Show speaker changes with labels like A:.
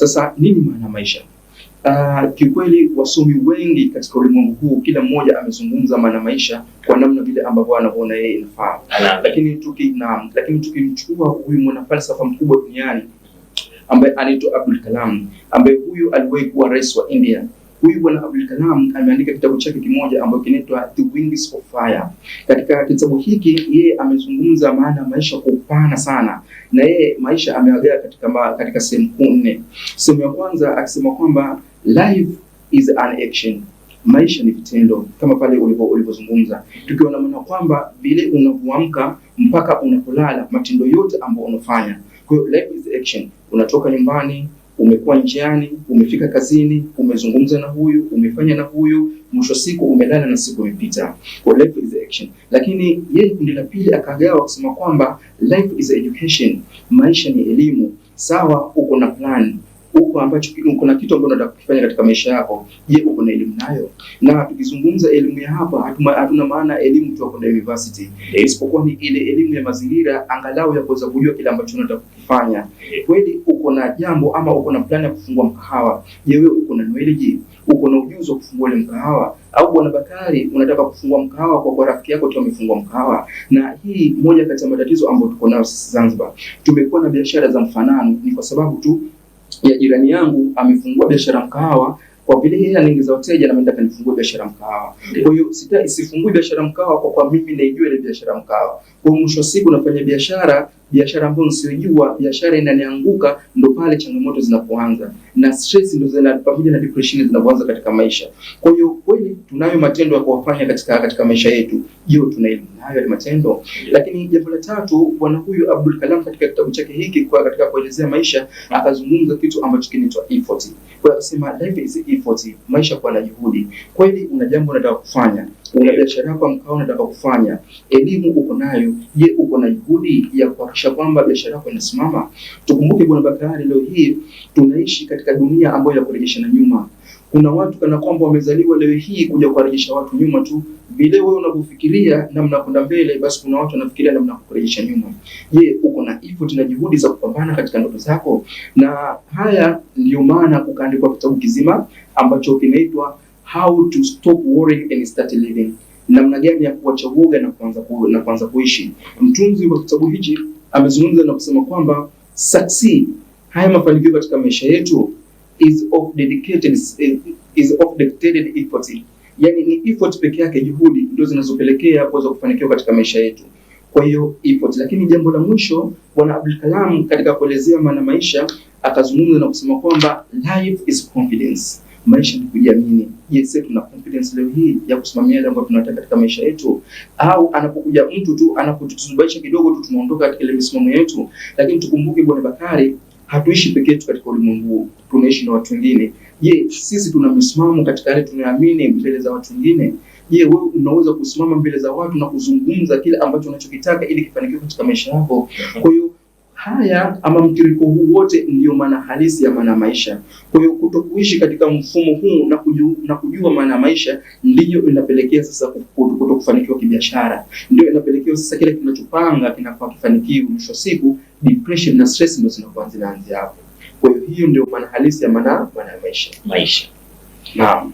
A: Sasa nini maana maisha? Uh, kiukweli wasomi wengi katika ulimwengu huu kila mmoja amezungumza maana maisha kwa namna vile ambavyo anaona yeye inafaa, lakini tuki na lakini tukimchukua huyu mwanafalsafa mkubwa duniani ambaye anaitwa Abdul Kalam ambaye huyu aliwahi kuwa rais wa India Huyu bwana Abdul Kalam ameandika kitabu chake kimoja ambacho kinaitwa The Wings of Fire. Katika kitabu hiki yeye amezungumza maana maisha kwa upana sana, na yeye maisha ameagawa katika, ma, katika sehemu kuu nne. Sehemu ya kwanza akisema kwamba life is an action maisha ni vitendo, kama pale ulivyozungumza, tukiwa na maana kwamba vile unavyoamka mpaka unapolala, matendo yote ambayo unafanya. Kwa hiyo life is action, unatoka nyumbani umekuwa njiani, umefika kazini, umezungumza na huyu, umefanya na huyu, mwisho siku umelala na siku imepita. Life is action. Lakini yeye kundi la pili akagawa kusema kwamba life is education, maisha ni elimu. Sawa, uko na plan uko ambacho kuna kitu ambacho unataka kufanya katika maisha yako. Je, uko na elimu nayo? Na tukizungumza elimu ya hapa, hatuna maana elimu tu kuna university, isipokuwa ni ile elimu ya mazingira, angalau ya kuweza kujua kile ambacho unataka kufanya. Kweli uko na jambo ama uko na plani ya kufungua mkahawa? Je, wewe uko na knowledge, uko na ujuzi wa kufungua ile mkahawa? Au bwana Bakari, unataka kufungua mkahawa kwa kwa rafiki yako tu amefungua mkahawa? Na hii moja kati ya matatizo ambayo tuko nayo sisi Zanzibar, tumekuwa na biashara za mfanano, ni kwa sababu tu ya jirani yangu amefungua biashara mkahawa kwa vile yeye anaingiza wateja na mimi nifungue biashara mkahawa. Kwa hiyo sita isifungue biashara mkahawa kwa kwa mimi naijua ile biashara mkahawa. Kwa mwisho siku nafanya biashara, biashara ambayo nisiyojua, biashara inanianguka, ndo pale changamoto zinapoanza. Na stress ndo zina pamoja na depression zinapoanza katika maisha. Kwa hiyo kweli tunayo matendo ya kuwafanya katika katika maisha yetu. Hiyo tunayo matendo? Lakini jambo la tatu, bwana huyu Abdul Kalam katika kitabu chake hiki kwa katika kuelezea maisha akazungumza kitu ambacho kinaitwa effort. Sema life is effort, maisha kuwa na juhudi. Kweli una jambo unataka kufanya, una biashara yako mkao unataka kufanya, elimu uko nayo. Je, uko na juhudi ya kuhakikisha kwamba biashara yako inasimama? Tukumbuke bwana Bakari, leo hii tunaishi katika dunia ambayo ya kurejesha na nyuma kuna watu kana kwamba wamezaliwa leo hii kuja kuwarejesha watu nyuma tu. Vile wewe unavyofikiria namna kwenda mbele, basi kuna watu wanafikiria namna kukurejesha nyuma. Je, uko na effort na juhudi za kupambana katika ndoto zako? Na haya ndio maana kukaandikwa kitabu kizima ambacho kinaitwa How to Stop Worrying and Start Living, namna gani ya kuacha uoga na kuanza ku, na kuanza kuishi. Mtunzi wa kitabu hichi amezungumza na kusema kwamba succeed, haya mafanikio katika maisha yetu is of dedicated is of dedicated effort, yani ni effort peke yake, juhudi ndio zinazopelekea kuweza kufanikiwa katika maisha yetu. Kwa hiyo effort. Lakini jambo la mwisho, bwana Abdul Kalam katika kuelezea maana maisha akazungumza na kusema kwamba life is confidence, maisha ni kujiamini. Je, sisi tuna confidence leo hii ya kusimamia yale ambayo tunataka katika maisha yetu, au anapokuja mtu tu anapotuzubaisha kidogo tu tunaondoka katika ile misimamo yetu? Lakini tukumbuke bwana Bakari hatuishi peke yetu katika ulimwengu huu, tunaishi na watu wengine. Je, sisi tuna misimamo katika yale tunayoamini mbele za watu wengine? Je, wewe unaweza kusimama mbele za watu na kuzungumza kile ambacho unachokitaka ili kifanikiwe katika maisha yako? Kwa hiyo haya ama mtiriko huu wote ndio maana halisi ya maana maisha. Kwa hiyo kutokuishi katika mfumo huu na kujua, na kujua maana maisha ndiyo inapelekea sasa kutokufanikiwa kibiashara, ndio inapelekea sasa kile kinachopanga kinakuwa kifanikiwi mwisho siku depression na stress ndio zinaanza hapo. Kwa hiyo hiyo ndio maana halisi ya maana maana ya maisha
B: maisha. Naam.